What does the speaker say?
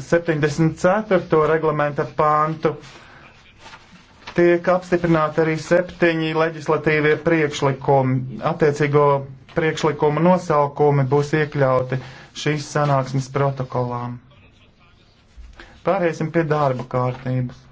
74. reglamenta pāntu tiek apstiprināti arī septiņi leģislatīvie priekšlikumi. Attiecīgo priekšlikumu nosaukumi būs iekļauti šīs sanāksmes protokolām. Pāriesim pie darba kārtības.